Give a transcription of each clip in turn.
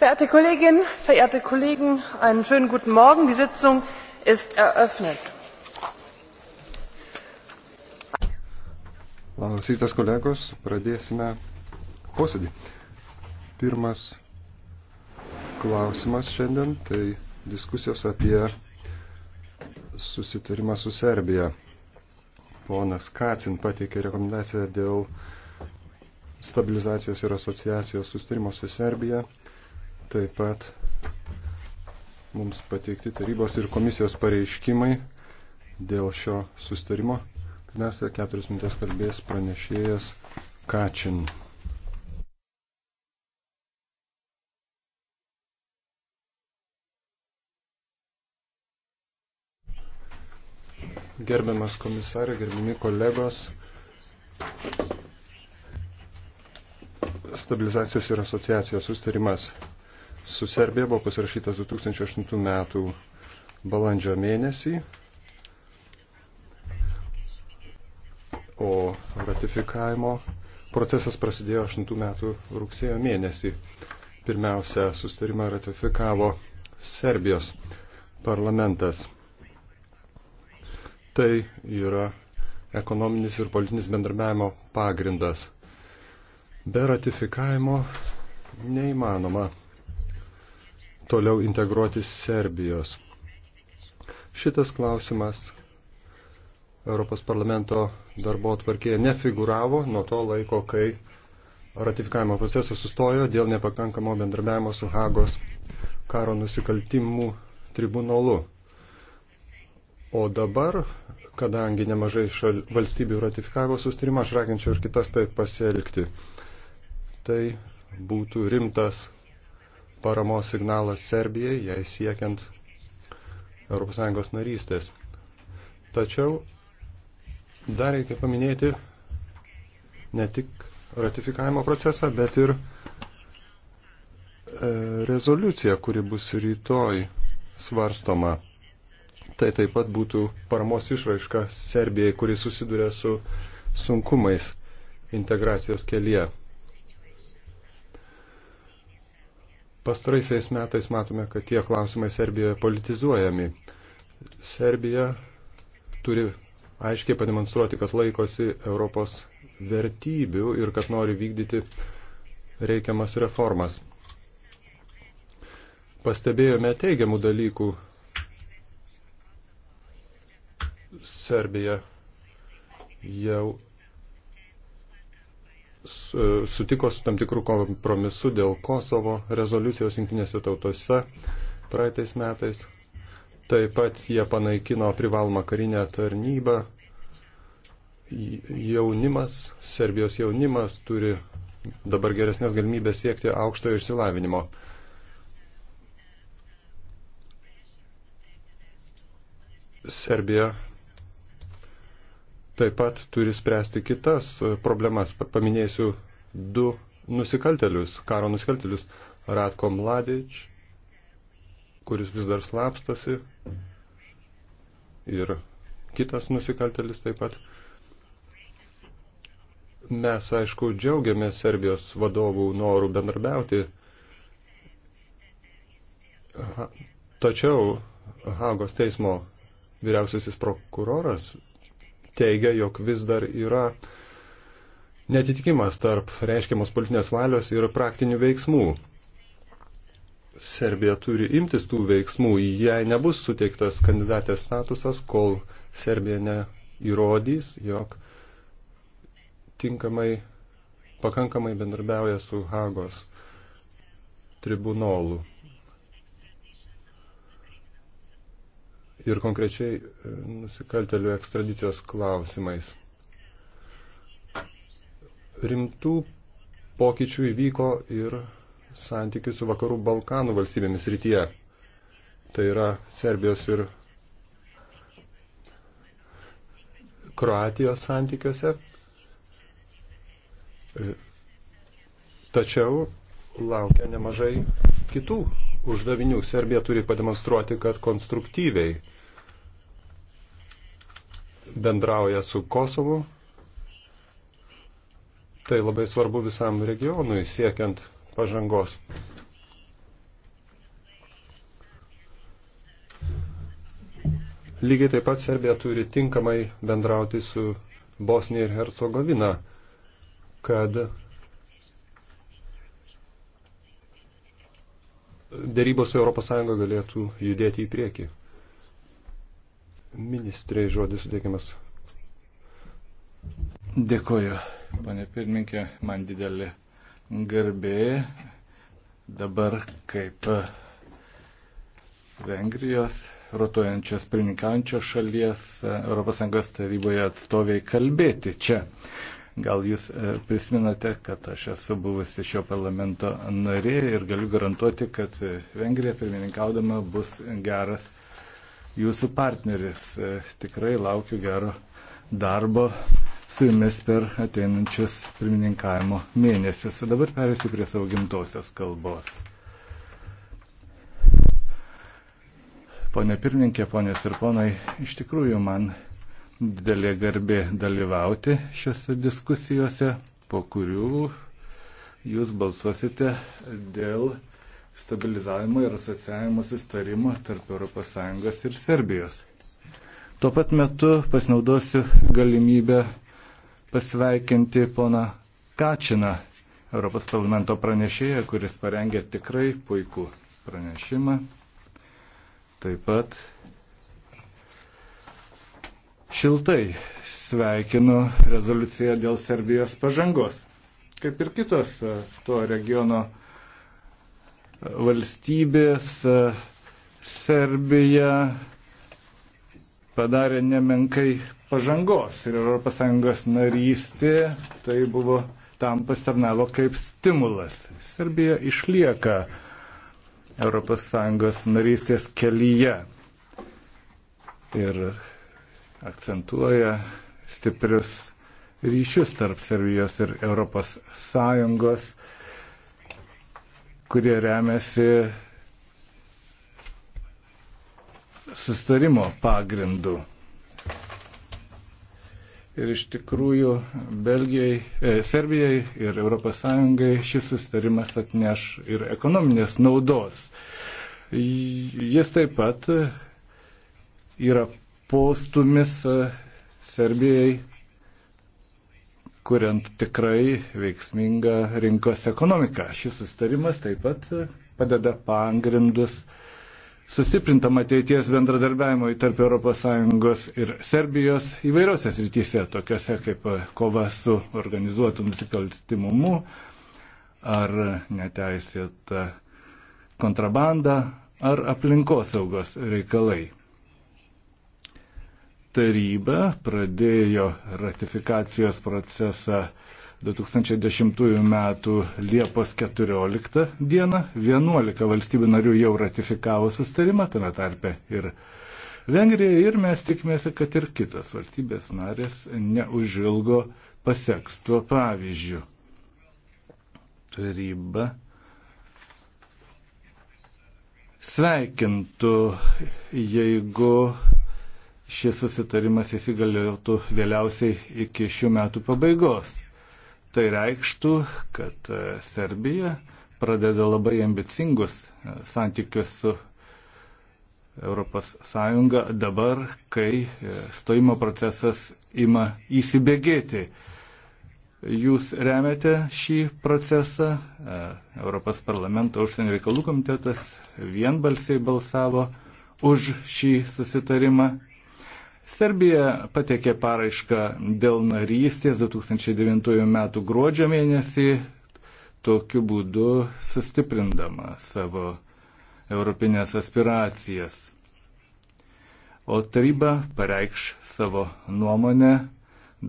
verehrte kolleginnen verehrte kollegen einen schönen guten morgen! die sitzung ist eröffnet. labas rytas kolegos pradėsime posėdį. pirmas klausimas šiandien tai diskusijos apie susitarimą su serbija. ponas kacin pateikė rekomendaciją dėl stabilizacijos ir asociacijos susitarimo su serbija Taip pat mums pateikti tarybos ir komisijos pareiškimai dėl šio sustarimo. Pirmiausia, keturias minutės kalbės pranešėjas Kačin. Gerbiamas komisarė, gerbiami kolegos, stabilizacijos ir asociacijos sustarimas su Serbija buvo pasirašytas 2008 metų balandžio mėnesį, o ratifikavimo procesas prasidėjo 8 metų rugsėjo mėnesį. Pirmiausia, sustarimą ratifikavo Serbijos parlamentas. Tai yra ekonominis ir politinis bendrabiavimo pagrindas. Be ratifikavimo neįmanoma toliau integruoti Serbijos. Šitas klausimas Europos parlamento darbo atvarkėje nefiguravo nuo to laiko, kai ratifikavimo procesas sustojo dėl nepakankamo bendrabiavimo su Hagos karo nusikaltimų tribunolu. O dabar, kadangi nemažai šal, valstybių ratifikavo sustarimą, aš raginčiau ir kitas taip pasielgti. Tai būtų rimtas paramos signalas Serbijai, jai siekiant ES narystės. Tačiau dar reikia paminėti ne tik ratifikavimo procesą, bet ir e, rezoliucija, kuri bus rytoj svarstoma. Tai taip pat būtų paramos išraiška Serbijai, kuri susiduria su sunkumais integracijos kelyje. Pastaraisiais metais matome, kad tie klausimai Serbijoje politizuojami. Serbija turi aiškiai pademonstruoti, kad laikosi Europos vertybių ir kad nori vykdyti reikiamas reformas. Pastebėjome teigiamų dalykų. Serbija jau sutiko su tam tikrų kompromisu dėl Kosovo rezoliucijos jungtinėse tautose praeitais metais. Taip pat jie panaikino privalomą karinę tarnybą. Jaunimas, Serbijos jaunimas turi dabar geresnės galimybės siekti aukštojo išsilavinimo. Serbija taip pat turi spręsti kitas e, problemas. Paminėsiu du nusikaltelius, karo nusikaltelius - Ratko Mladič, kuris vis dar slapstasi, ir kitas nusikaltelis taip pat. Mes, aišku, džiaugiamės Serbijos vadovų norų bendrabiauti, tačiau Hagos teismo vyriausiasis prokuroras teigia, jog vis dar yra netitikimas tarp reiškiamos politinės valios ir praktinių veiksmų. Serbija turi imtis tų veiksmų, jei nebus suteiktas kandidatės statusas, kol Serbija neįrodys, jog tinkamai, pakankamai bendarbiauja su Hagos tribunolu. ir konkrečiai e, nusikaltelių ekstradicijos klausimais. Rimtų pokyčių įvyko ir santykių su vakarų Balkanų valstybėmis rytyje. Tai yra Serbijos ir Kroatijos santykiuose. E, tačiau laukia nemažai kitų uždavinių. Serbija turi pademonstruoti, kad konstruktyviai bendrauja su Kosovu. Tai labai svarbu visam regionui siekiant pažangos. Lygiai taip pat Serbija turi tinkamai bendrauti su Bosnija ir Hercegovina, kad dėrybos ES galėtų judėti į priekį. Ministrė žodis suteikiamas. Dėkuoju, pane pirmininkė, man didelė garbė dabar kaip Vengrijos rotuojančios pirmininkančios šalies ES taryboje atstoviai kalbėti čia. Gal jūs e, prisiminate, kad aš esu buvusi šio parlamento narė ir galiu garantuoti, kad e, Vengrija pirmininkaudama bus geras jūsų partneris. E, tikrai laukiu gero darbo su jumis per ateinančius pirmininkavimo mėnesius. Dabar perėsiu prie savo gimtosios kalbos. Pone pirmininkė, ponės ir ponai, iš tikrųjų man didelė garbė dalyvauti šiuose diskusijose, po kurių jūs balsuosite dėl stabilizavimo ir asociavimo sustarimo tarp ES ir Serbijos. Tuo pat metu pasinaudosiu galimybę pasveikinti poną Kačiną, Europos parlamento pranešėją, kuris parengė tikrai puikų pranešimą. Taip pat Šiltai sveikinu rezoliuciją dėl Serbijos pažangos. Kaip ir kitos e, to regiono e, valstybės, e, Serbija padarė nemenkai pažangos ir ES narystė tai buvo tam pasitarnavo kaip stimulas. Serbija išlieka ES narystės kelyje. Ir akcentuoja stiprius ryšius tarp Serbijos ir Europos Sąjungos, kurie remiasi sustarimo pagrindu. Ir iš tikrųjų Belgijai, e, Serbijai ir ES šis sustarimas atneš ir ekonominės naudos. Jis taip pat yra postumis e, Serbijai, kuriant tikrai veiksmingą rinkos ekonomiką. Šis sustarimas taip pat e, padeda pagrindus sustiprintam ateities bendradarbiavimui tarp ES ir Serbijos įvairiose srityse, tokiuose kaip e, kova su organizuotu nusikalstimumu ar neteisėta kontrabanda ar aplinkosaugos reikalai taryba pradėjo ratifikacijos procesą 2010 m. Liepos 14 d. 11 valstybių narių jau ratifikavo sustarimą, tame tarpe ir Vengrija ir mes tikimės, kad ir kitos valstybės narės neužilgo paseks tuo pavyzdžiu. Taryba sveikintų, jeigu šis susitarimas įsigaliotų vėliausiai iki šių metų pabaigos. Tai reikštų, kad e, Serbija pradeda labai ambicingus e, santykius su ES dabar, kai e, stojimo procesas ima įsibėgėti. Jūs remiate šį procesą, Europos parlamento užsienio reikalų komitetas vienbalsiai balsavo už šį susitarimą Serbija patekė paraišką dėl narystės 2009 m. gruodžio mėnesį, tokiu būdu sustiprindama savo europinės aspiracijas. O taryba pareikš savo nuomonę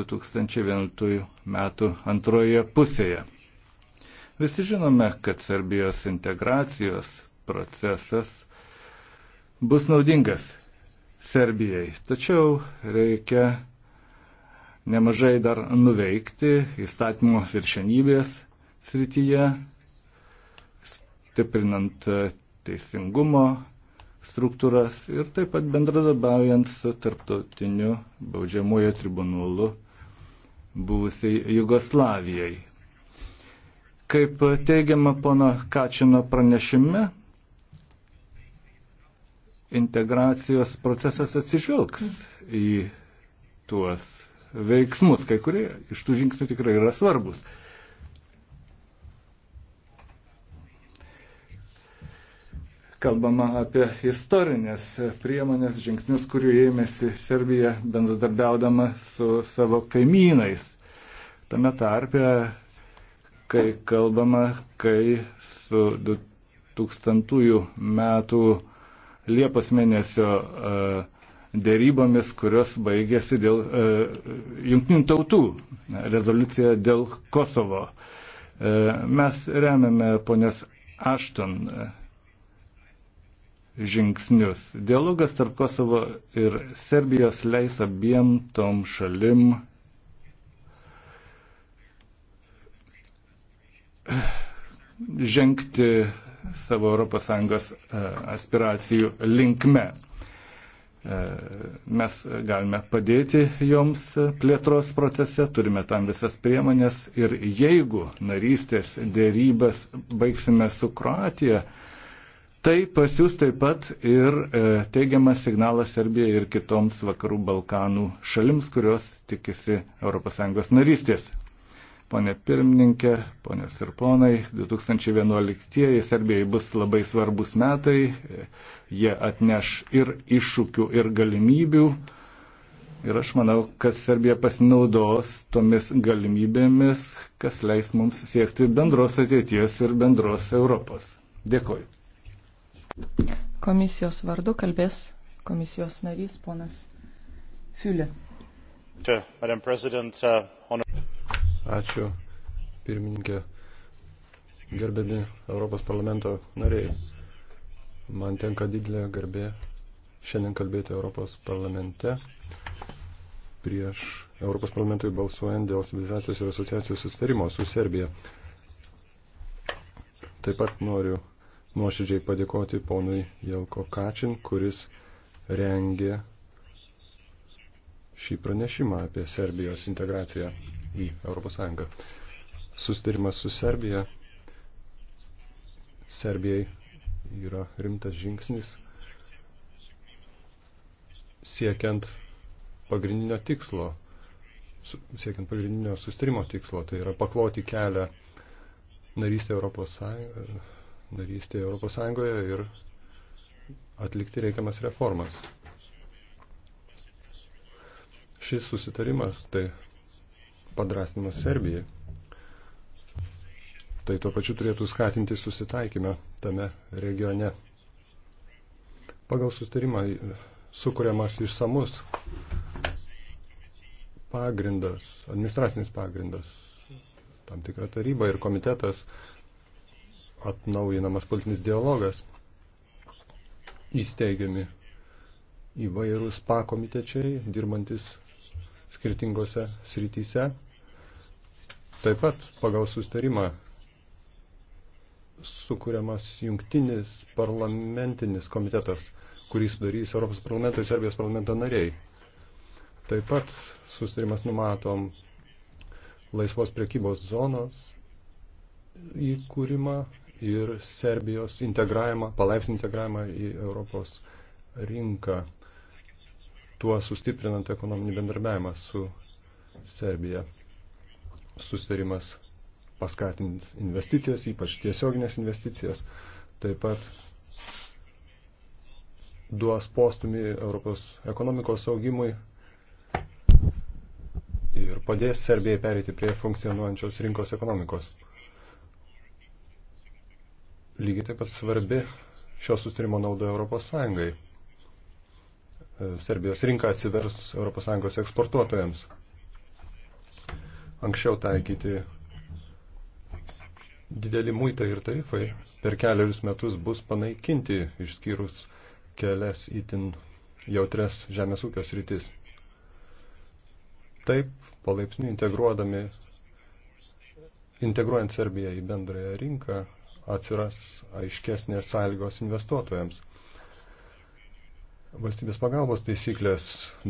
2011 m. antroje pusėje. Visi žinome, kad Serbijos integracijos procesas bus naudingas Serbijai. Tačiau reikia nemažai dar nuveikti įstatymo viršenybės srityje, stiprinant teisingumo struktūras ir taip pat bendradarbiaujant su tarptautiniu baudžiamojo tribunolu buvusiai Jugoslavijai. Kaip teigiama pono Kačino pranešime, integracijos procesas atsižvelgs į tuos veiksmus. Kai kurie iš tų žingsnių tikrai yra svarbus. Kalbama apie istorinės priemonės žingsnius, kurių ėmėsi Serbija bendradarbiaudama su savo kaimynais. Tame tarpe, kai kalbama, kai su 2000 metų Liepos mėnesio e, dėrybomis, kurios baigėsi dėl e, jungtinių tautų rezoliucija dėl Kosovo. E, mes remiame ponios Ašton žingsnius. Dialogas tarp Kosovo ir Serbijos leis abiem tom šalim žengti savo ES e, aspiracijų linkme. E, mes galime padėti joms plėtros procese, turime tam visas priemonės ir jeigu narystės dėrybas baigsime su Kroatija, tai pasiūs taip pat ir e, teigiamas signalas Serbijai ir kitoms vakarų Balkanų šalims, kurios tikisi ES narystės. Pone pirmininkė, ponios ir ponai, 2011-ieji Serbijai bus labai svarbus metai, jie atneš ir iššūkių, ir galimybių. Ir aš manau, kad Serbija pasinaudos tomis galimybėmis, kas leis mums siekti bendros ateities ir bendros Europos. Dėkoju. Komisijos vardu kalbės komisijos narys ponas Fiulė. Madam President, uh, Ačiū, pirmininkė, gerbiami Europos parlamento nariai. Man tenka didelė garbė šiandien kalbėti Europos parlamente prieš Europos parlamentui balsuojant dėl stabilizacijos ir asociacijos sustarimo su Serbija. Taip pat noriu nuoširdžiai padėkoti ponui Jelko Kačin, kuris rengė šį pranešimą apie Serbijos integraciją į ES. Sustarimas su Serbija Serbijai yra rimtas žingsnis siekiant pagrindinio tikslo, siekiant pagrindinio sustarimo tikslo, tai yra pakloti kelią narystė Europos, Sąjungoje, narystė Europos Sąjungoje ir atlikti reikiamas reformas. Šis susitarimas tai padrasnimas Serbijai. Tai tuo pačiu turėtų skatinti susitaikymą tame regione. Pagal sustarimą sukuriamas išsamus pagrindas, administracinis pagrindas, tam tikra taryba ir komitetas, atnaujinamas politinis dialogas, įsteigiami įvairūs pakomitečiai, dirbantis skirtingose srityse. Taip pat pagal sustarimą sukūriamas jungtinis parlamentinis komitetas, kurį sudarys Europos parlamento ir Serbijos parlamento nariai. Taip pat sustarimas numatom laisvos priekybos zonos įkūrimą ir Serbijos integravimą, palaipsnį integravimą į Europos rinką, tuo sustiprinant ekonominį bendarbiavimą su Serbija sustarimas paskatins investicijas, ypač tiesioginės investicijas, taip pat duos postumį Europos ekonomikos augimui ir padės Serbijai perėti prie funkcionuojančios rinkos ekonomikos. Lygiai taip pat svarbi šio sustarimo nauda Europos Sąjungai. Serbijos rinka atsivers Europos Sąjungos eksportuotojams anksčiau taikyti dideli muitai ir tarifai per keliarius metus bus panaikinti, išskyrus kelias itin jautres žemės ūkio sritis. Taip, palaipsniui integruodami, integruojant Serbiją į bendrąją rinką, atsiras aiškesnės sąlygos investuotojams. Valstybės pagalbos taisyklės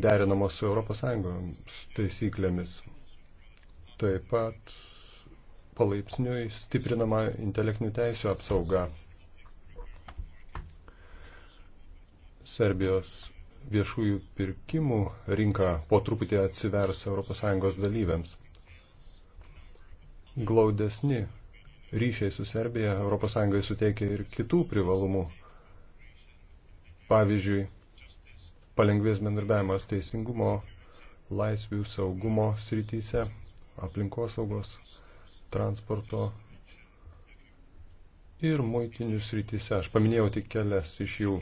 derinamos su ES taisyklėmis. Taip pat palaipsniui stiprinama intelektinių teisų apsauga. Serbijos viešųjų pirkimų rinka po truputį atsivers ES dalyviams. Glaudesni ryšiai su Serbija ES suteikia ir kitų privalumų. Pavyzdžiui, palengvės bendarbiavimas teisingumo, laisvių, saugumo srityse aplinkosaugos, transporto ir muitinių srityse. Aš paminėjau tik kelias iš jų.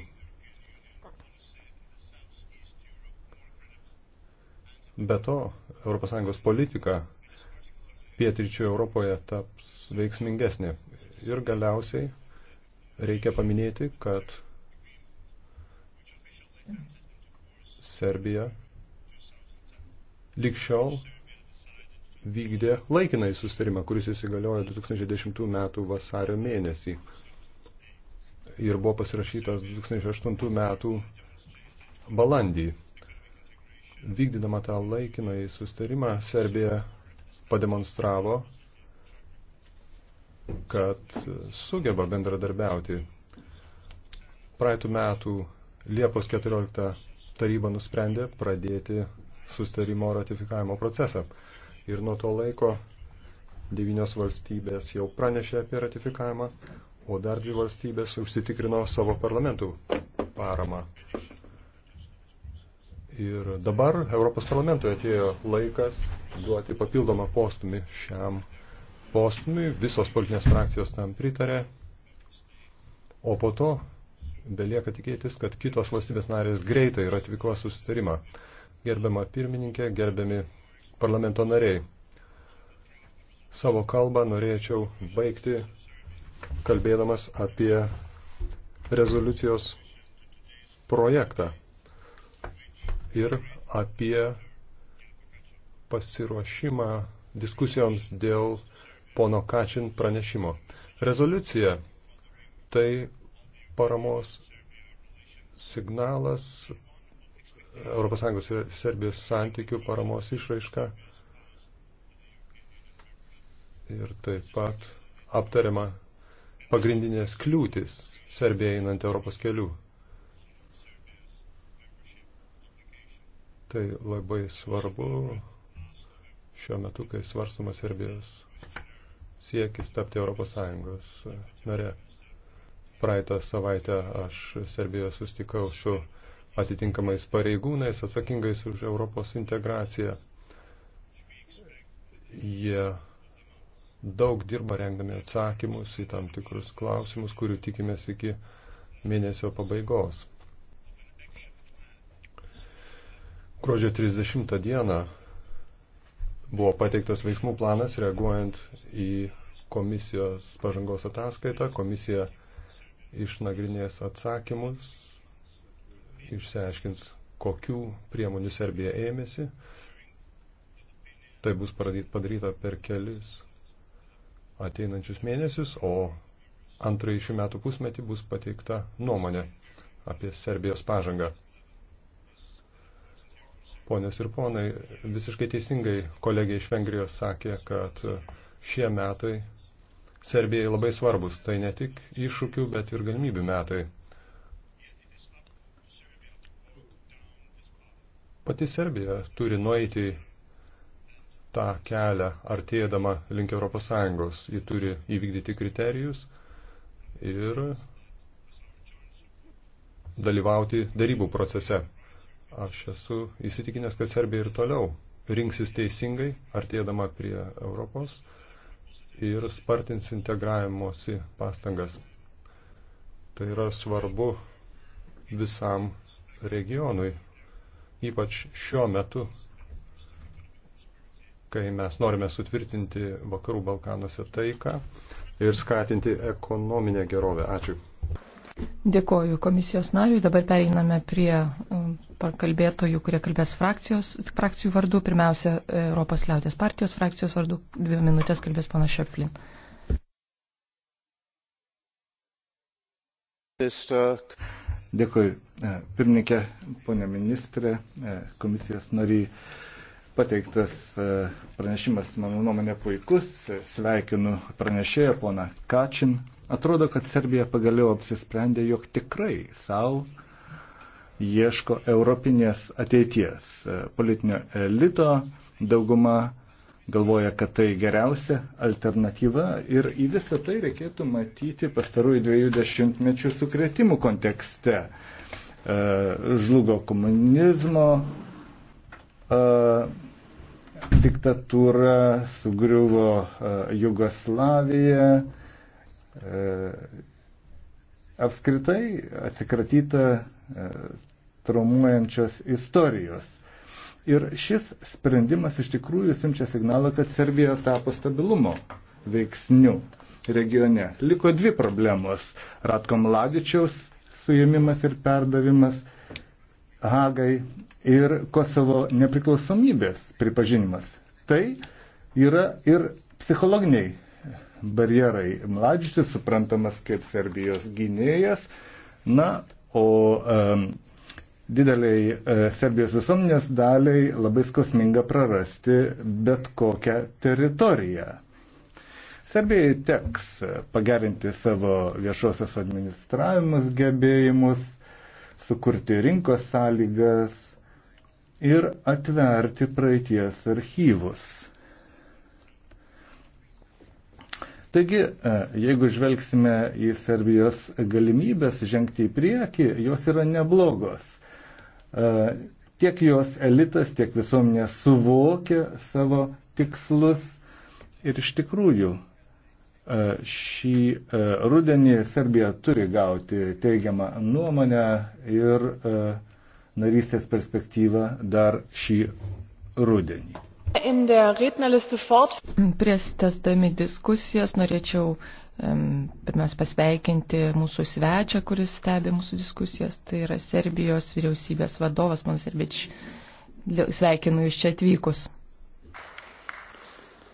Be to, ES politika pietryčių Europoje taps veiksmingesnė. Ir galiausiai reikia paminėti, kad Serbija likščiau vykdė laikinai sustarimą, kuris įsigaliojo 2010 m. vasario mėnesį ir buvo pasirašytas 2008 m. balandį. Vykdydama tą laikinai sustarimą, Serbija pademonstravo, kad sugeba bendradarbiauti. Praeitų metų Liepos 14 taryba nusprendė pradėti sustarimo ratifikavimo procesą ir nuo to laiko devynios valstybės jau pranešė apie ratifikavimą, o dar dvi valstybės užsitikrino savo parlamentų paramą. Ir dabar Europos parlamentui atėjo laikas duoti papildomą postumį šiam postumį, visos politinės frakcijos tam pritarė, o po to belieka tikėtis, kad kitos valstybės narės greitai ratifikuos susitarimą. Gerbiama pirmininkė, gerbiami parlamento nariai. Savo kalbą norėčiau baigti kalbėdamas apie rezoliucijos projektą ir apie pasiruošimą diskusijoms dėl pono Kačin pranešimo. Rezoliucija tai paramos signalas ES ir Serbijos santykių paramos išraišką ir taip pat aptariama pagrindinės kliūtis Serbija einant Europos kelių. Tai labai svarbu šiuo metu, kai svarstama Serbijos siekis tapti ES nare. Praeitą savaitę aš Serbijoje sustikau su atitinkamais pareigūnais, atsakingais už Europos integraciją. Jie daug dirba rengdami atsakymus į tam tikrus klausimus, kurių tikimės iki mėnesio pabaigos. Gruodžio 30 dieną buvo pateiktas veiksmų planas reaguojant į komisijos pažangos ataskaitą. Komisija išnagrinės atsakymus išsiaiškins, kokių priemonių Serbija ėmėsi. Tai bus padaryta per kelis ateinančius mėnesius, o antrąjį šių metų pusmetį bus pateikta nuomonė apie Serbijos pažangą. Ponios ir ponai, visiškai teisingai kolegė iš Vengrijos sakė, kad šie metai Serbijai labai svarbus. Tai ne tik iššūkių, bet ir galimybių metai. Pati Serbija turi nueiti tą kelią artėdama link ES. Ji turi įvykdyti kriterijus ir dalyvauti darybų procese. Aš esu įsitikinęs, kad Serbija ir toliau rinksis teisingai, artėdama prie Europos ir spartins integravimosi pastangas. Tai yra svarbu visam regionui, ypač šiuo metu, kai mes norime sutvirtinti Vakarų Balkanuose taiką ir skatinti ekonominę gerovę. Ačiū. Dėkoju komisijos nariui. Dabar pereiname prie um, kalbėtojų, kurie kalbės frakcijos, frakcijų vardu. Pirmiausia, Europos liaudės partijos frakcijos vardu. Dvi minutės kalbės pana Šeflin. Minister. Dėkui, e, pirmininkė, ponė ministrė, e, komisijos nariai. Pateiktas e, pranešimas, mano nuomonė, puikus. Sveikinu pranešėją, poną Kačin. Atrodo, kad Serbija pagaliau apsisprendė, jog tikrai savo ieško europinės ateities. Politinio elito dauguma galvoja, kad tai geriausia alternatyva ir į visą tai reikėtų matyti pastarųjų dviejų dešimtmečių sukretimų kontekste. E, žlugo komunizmo e, diktatūra, sugriuvo e, Jugoslavija, apskritai atsikratyta traumuojančios istorijos. Ir šis sprendimas iš tikrųjų siunčia signalą, kad Serbija tapo stabilumo veiksniu regione. Liko dvi problemos - Ratko Mladičiaus suėmimas ir perdavimas Hagai ir Kosovo nepriklausomybės pripažinimas. Tai yra ir psichologiniai barjerai. Mladičius suprantamas kaip Serbijos gynėjas, na, o um, dideliai e, Serbijos visuomenės daliai labai skausminga prarasti bet kokią teritoriją. Serbijai teks pagerinti savo viešosios administravimus gebėjimus, sukurti rinkos sąlygas ir atverti praeities archyvus. Taigi, e, jeigu žvelgsime į Serbijos galimybės žengti į priekį, jos yra neblogos E, tiek jos elitas, tiek visuomenė suvokia savo tikslus ir iš tikrųjų e, šį e, rudenį Serbija turi gauti teigiamą nuomonę ir narystės perspektyvą dar šį rudenį. Prieš testami diskusijas norėčiau pirmiausia pasveikinti mūsų svečią, kuris stebi mūsų diskusijas, tai yra Serbijos vyriausybės vadovas, man Serbič, sveikinu iš čia atvykus.